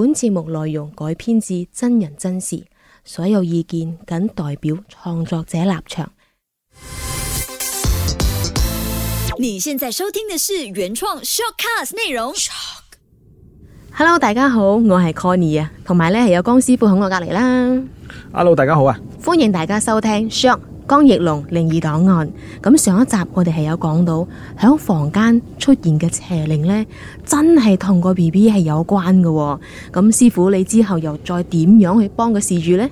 本節目內容改編自真人真事，所有意見僅代表創作者立場。你現在收聽的是原創 Shortcast 內容。Shortcast. Hello，大家好，我係 Connie 啊，同埋咧係有江師傅喺我隔籬啦。Hello，大家好啊！歡迎大家收聽 Shortcast。江奕龍靈異檔案。咁上一集我哋係有講到響房間出現嘅邪靈咧，真係同個 B B 係有關噶。咁師傅你之後又再點樣去幫個事主咧？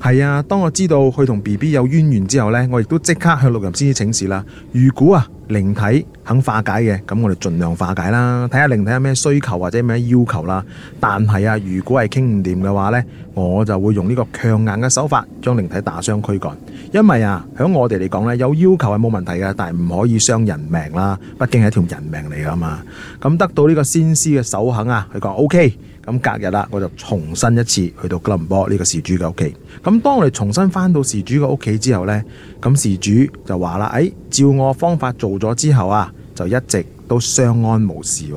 係啊，當我知道佢同 B B 有淵源之後咧，我亦都即刻向六壬先生請示啦。如果啊，靈體肯化解嘅，咁我哋盡量化解啦，睇下靈體有咩需求或者咩要求啦。但係啊，如果係傾唔掂嘅話呢，我就會用呢個強硬嘅手法，將靈體打傷驅趕。因為啊，響我哋嚟講呢，有要求係冇問題嘅，但係唔可以傷人命啦，畢竟係一條人命嚟噶嘛。咁、嗯、得到呢個先師嘅首肯啊，佢講 OK。咁隔日啦，我就重新一次去到吉林波呢個事主嘅屋企。咁當我哋重新翻到事主嘅屋企之後呢，咁事主就話啦：誒，照我方法做咗之後啊，就一直。都相安無事喎。誒、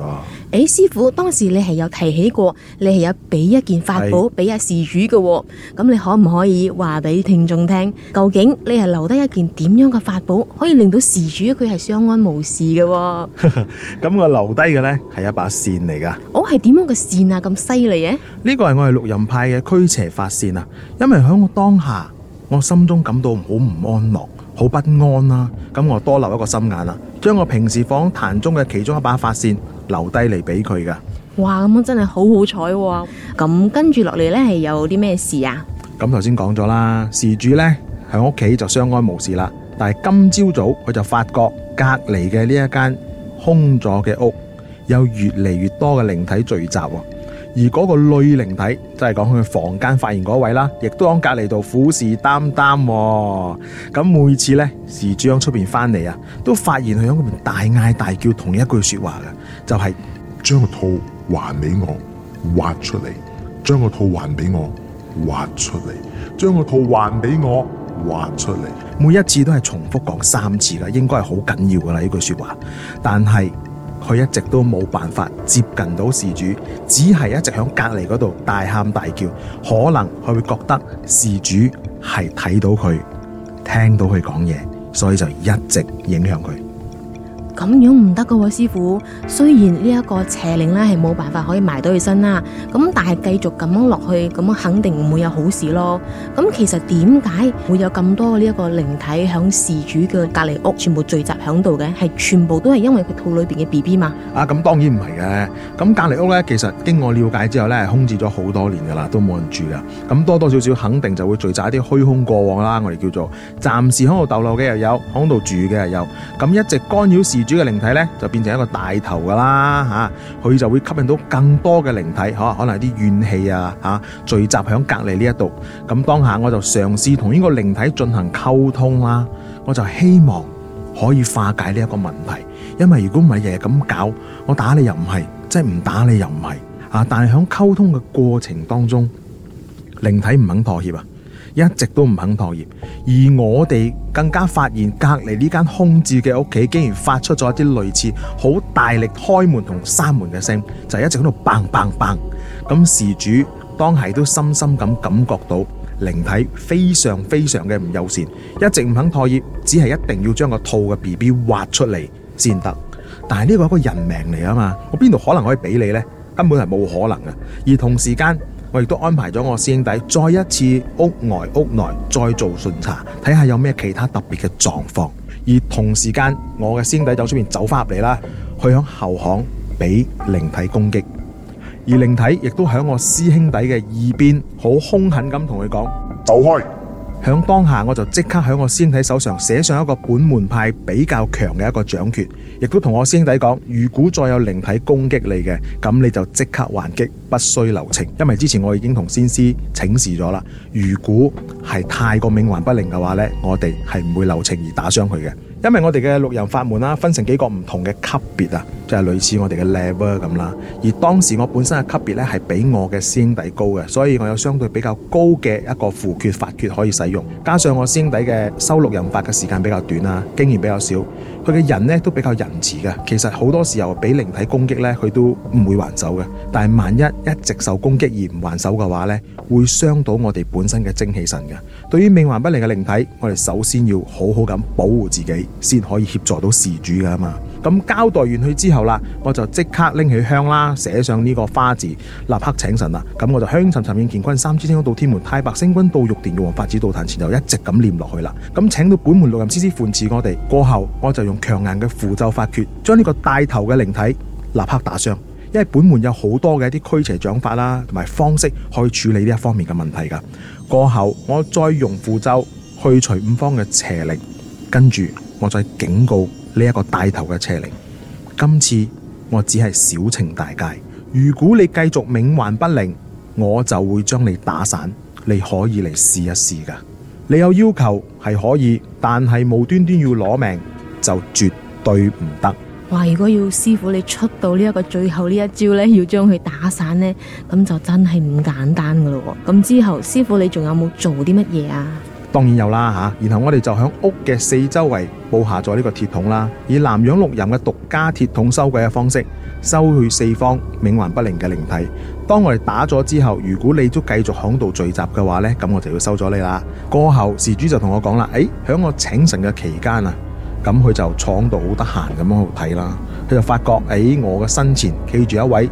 欸，師傅，當時你係有提起過，你係有俾一件法寶俾阿事主嘅，咁是你可唔可以話俾聽眾聽，究竟你係留低一件點樣嘅法寶，可以令到事主佢係相安無事嘅？咁 我留低嘅呢，係一把扇嚟噶。哦，係點樣嘅扇啊？咁犀利嘅？呢個係我係六壬派嘅驅邪法扇啊！因為喺我當下，我心中感到好唔安樂、好不安啦，咁、啊、我多留一個心眼啦、啊。將我平時訪談中嘅其中一把法線留低嚟俾佢噶。哇，咁真係好好彩喎！咁跟住落嚟呢，係有啲咩事啊？咁頭先講咗啦，事主呢喺屋企就相安無事啦，但係今朝早佢就發覺隔籬嘅呢一間空咗嘅屋有越嚟越多嘅靈體聚集。而嗰個類靈體，就係講佢房間發現嗰位啦，亦都響隔籬度虎視眈眈。咁每次咧，事主出邊翻嚟啊，都發現佢響嗰邊大嗌大叫同一句說話嘅，就係將個套還俾我挖出嚟，將個套還俾我挖出嚟，將個套還俾我挖出嚟。一出每一次都係重複講三次啦，應該係好緊要噶啦呢句說話，但係。佢一直都冇辦法接近到事主，只係一直響隔離嗰度大喊大叫。可能佢會覺得事主係睇到佢，聽到佢講嘢，所以就一直影響佢。咁樣唔得噶喎，師傅。雖然呢一個邪靈咧係冇辦法可以埋到佢身啦，咁但係繼續咁樣落去，咁肯定唔會有好事咯。咁、嗯、其實點解會有咁多呢一個靈體響事主嘅隔籬屋全部聚集喺度嘅？係全部都係因為佢肚裏邊嘅 B B 嘛？啊，咁當然唔係嘅。咁隔籬屋咧，其實經我了解之後咧，空置咗好多年噶啦，都冇人住噶。咁多多少少肯定就會聚集一啲虛空過往啦。我哋叫做暫時喺度逗留嘅又有，喺度住嘅又有，咁一直干擾事。主嘅靈體呢，就變成一個大頭噶啦吓，佢、啊、就會吸引到更多嘅靈體，可、啊、可能啲怨氣啊吓、啊、聚集響隔離呢一度。咁當下我就嘗試同呢個靈體進行溝通啦、啊，我就希望可以化解呢一個問題。因為如果唔係日日咁搞，我打你又唔係，即係唔打你又唔係啊。但係響溝通嘅過程當中，靈體唔肯妥協啊。一直都唔肯妥協，而我哋更加發現隔籬呢間空置嘅屋企，竟然發出咗一啲類似好大力開門同閂門嘅聲，就一直喺度 bang bang bang。咁事主當係都深深咁感覺到靈體非常非常嘅唔友善，一直唔肯妥協，只係一定要將個肚嘅 B B 挖出嚟先得。但係呢個係個人命嚟啊嘛，我邊度可能可以俾你呢？根本係冇可能嘅。而同時間，我亦都安排咗我師兄弟再一次屋外屋內再做巡查，睇下有咩其他特別嘅狀況。而同時間，我嘅師兄弟面走出邊走翻入嚟啦，佢響後巷俾靈體攻擊。而靈體亦都響我師兄弟嘅耳邊好凶狠咁同佢講：走開！響當下，我就即刻喺我師兄弟手上寫上一個本門派比較強嘅一個掌訣，亦都同我師兄弟講，如果再有靈體攻擊你嘅，咁你就即刻還擊，不須留情，因為之前我已經同先師請示咗啦。如果係太過冥頑不靈嘅話呢，我哋係唔會留情而打傷佢嘅，因為我哋嘅六壬法門啦，分成幾個唔同嘅級別啊。就係類似我哋嘅 level 咁啦，而當時我本身嘅級別咧係比我嘅師兄弟高嘅，所以我有相對比較高嘅一個符缺法缺可以使用。加上我師兄弟嘅收錄引發嘅時間比較短啦，經驗比較少，佢嘅人呢都比較仁慈嘅。其實好多時候俾靈體攻擊呢，佢都唔會還手嘅。但係萬一一直受攻擊而唔還手嘅話呢，會傷到我哋本身嘅精氣神嘅。對於冥頑不靈嘅靈體，我哋首先要好好咁保護自己，先可以協助到事主嘅嘛。咁交代完佢之後啦，我就即刻拎起香啦，寫上呢個花字，立刻請神啦。咁我就香沉沉見乾坤，三支香到天門，太白星君到玉田，玉皇法旨到壇前，就一直咁念落去啦。咁請到本門六任師師扶持我哋。過後我就用強硬嘅符咒法訣，將呢個帶頭嘅靈體立刻打傷。因為本門有好多嘅一啲驅邪掌法啦，同埋方式去處理呢一方面嘅問題噶。過後我再用符咒去除五方嘅邪力，跟住我再警告。呢一個帶頭嘅邪靈，今次我只係小懲大戒。如果你繼續冥頑不靈，我就會將你打散。你可以嚟試一試噶。你有要求係可以，但係無端端要攞命就絕對唔得。哇！如果要師傅你出到呢一個最後呢一招，呢要將佢打散呢，咁就真係唔簡單噶咯。咁之後師傅你仲有冇做啲乜嘢啊？當然有啦吓、啊，然後我哋就響屋嘅四周圍布下咗呢個鐵桶啦，以南洋六人嘅獨家鐵桶收鬼嘅方式，收去四方冥頑不靈嘅靈體。當我哋打咗之後，如果你都繼續響度聚集嘅話呢，咁我就要收咗你啦。過後事主就同我講啦，誒、哎，響我請神嘅期間啊，咁佢就闖到好得閒咁樣去睇啦，佢就發覺喺、哎、我嘅身前企住一位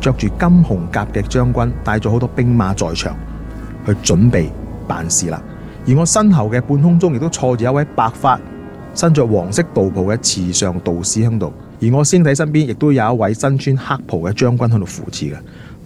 着住金紅甲嘅將軍，帶咗好多兵馬在場去準備辦事啦。而我身後嘅半空中亦都坐住一位白髮、身着黃色道袍嘅慈祥道士喺度。而我先睇身邊亦都有一位身穿黑袍嘅將軍喺度扶持嘅。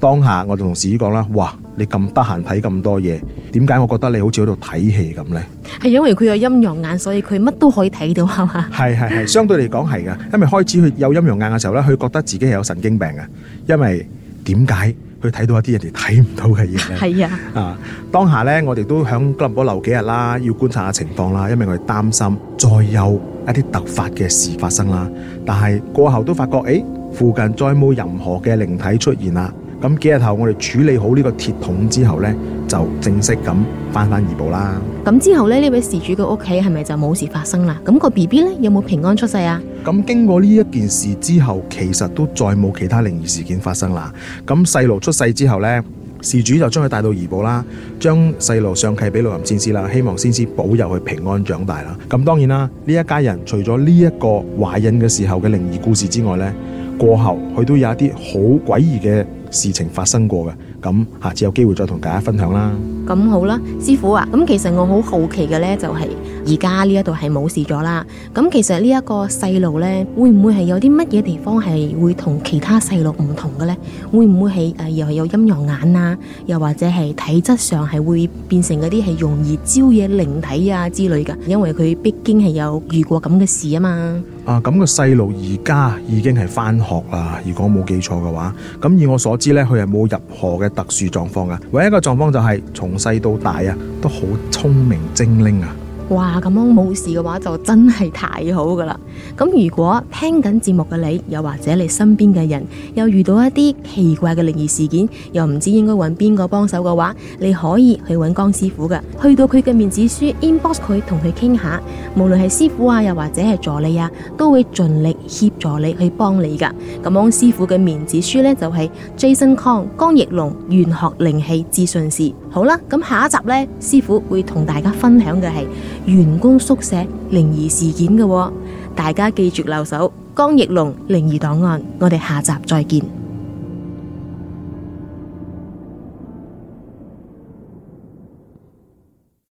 當下我就同事主講啦，哇，你咁得閒睇咁多嘢，點解我覺得你好似喺度睇戲咁呢？係因為佢有陰陽眼，所以佢乜都可以睇到，係嘛？係係係，相對嚟講係噶，因為開始佢有陰陽眼嘅時候呢，佢覺得自己係有神經病噶，因為點解？去睇到一啲人哋睇唔到嘅嘢咧，係啊，當下呢，我哋都喺吉隆坡留幾日啦，要觀察下情況啦，因為我哋擔心再有一啲突發嘅事發生啦。但係過後都發覺，誒、欸，附近再冇任何嘅靈體出現啦。咁幾日後，我哋處理好呢個鐵桶之後呢，就正式咁翻返移步啦。咁之後呢，呢位事主嘅屋企係咪就冇事發生啦？咁個 B B 呢，有冇平安出世啊？咁經過呢一件事之後，其實都再冇其他靈異事件發生啦。咁細路出世之後呢，事主就將佢帶到移步啦，將細路上契俾老林先師啦，希望先師保佑佢平安長大啦。咁當然啦，呢一家人除咗呢一個懷孕嘅時候嘅靈異故事之外呢，過後佢都有一啲好詭異嘅。事情發生過嘅，咁下次有機會再同大家分享啦。咁好啦，師傅啊，咁其實我好好奇嘅呢，就係而家呢一度係冇事咗啦。咁其實呢一個細路呢，會唔會係有啲乜嘢地方係會同其他細路唔同嘅呢？會唔會係、呃、又係有陰陽眼啊？又或者係體質上係會變成嗰啲係容易招惹靈體啊之類嘅？因為佢畢竟係有遇過咁嘅事啊嘛。啊，咁個細路而家已經係返學啦，如果我冇記錯嘅話，咁以我所知咧，佢係冇任何嘅特殊狀況㗎，唯一一個狀況就係從細到大啊，都好聰明精靈啊！哇，咁樣冇事嘅話就真係太好噶啦！咁如果聽緊節目嘅你，又或者你身邊嘅人，又遇到一啲奇怪嘅靈異事件，又唔知應該揾邊個幫手嘅話，你可以去揾江師傅嘅，去到佢嘅面子書 inbox 佢，同佢傾下。無論係師傅啊，又或者係助理啊，都會盡力協助你去幫你噶。咁樣師傅嘅面子書呢，就係 Jason Kong 江奕龍玄學靈氣諮詢師。好啦，咁下一集呢，師傅會同大家分享嘅係。員工宿舍靈異事件嘅、哦，大家記住留守江奕龍靈異檔案，我哋下集再見。